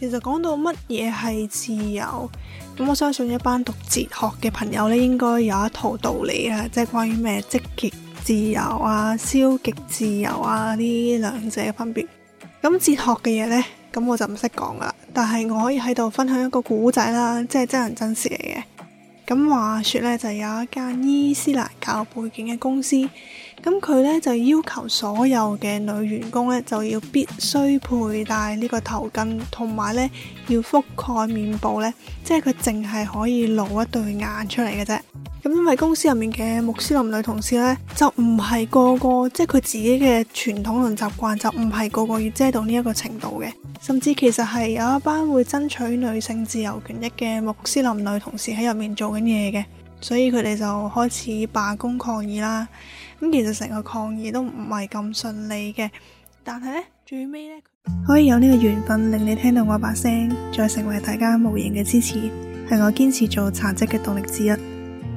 其實講到乜嘢係自由，咁我相信一班讀哲學嘅朋友咧，應該有一套道理啊，即係關於咩積極自由啊、消極自由啊呢兩者嘅分別。咁哲學嘅嘢咧，咁我就唔識講啦，但係我可以喺度分享一個古仔啦，即係真人真事嚟嘅。咁話説咧，就有一間伊斯蘭教背景嘅公司，咁佢咧就要求所有嘅女員工咧就要必須佩戴呢個頭巾，同埋咧要覆蓋面部咧，即係佢淨係可以露一對眼出嚟嘅啫。咁，因為公司入面嘅穆斯林女同事呢，就唔係個個，即係佢自己嘅傳統同習慣，就唔係個個要遮到呢一個程度嘅。甚至其實，係有一班會爭取女性自由權益嘅穆斯林女同事喺入面做緊嘢嘅，所以佢哋就開始罷工抗議啦。咁其實成個抗議都唔係咁順利嘅，但係，呢最尾呢，呢可以有呢個緣分令你聽到我把聲，再成為大家無形嘅支持，係我堅持做茶嘖嘅動力之一。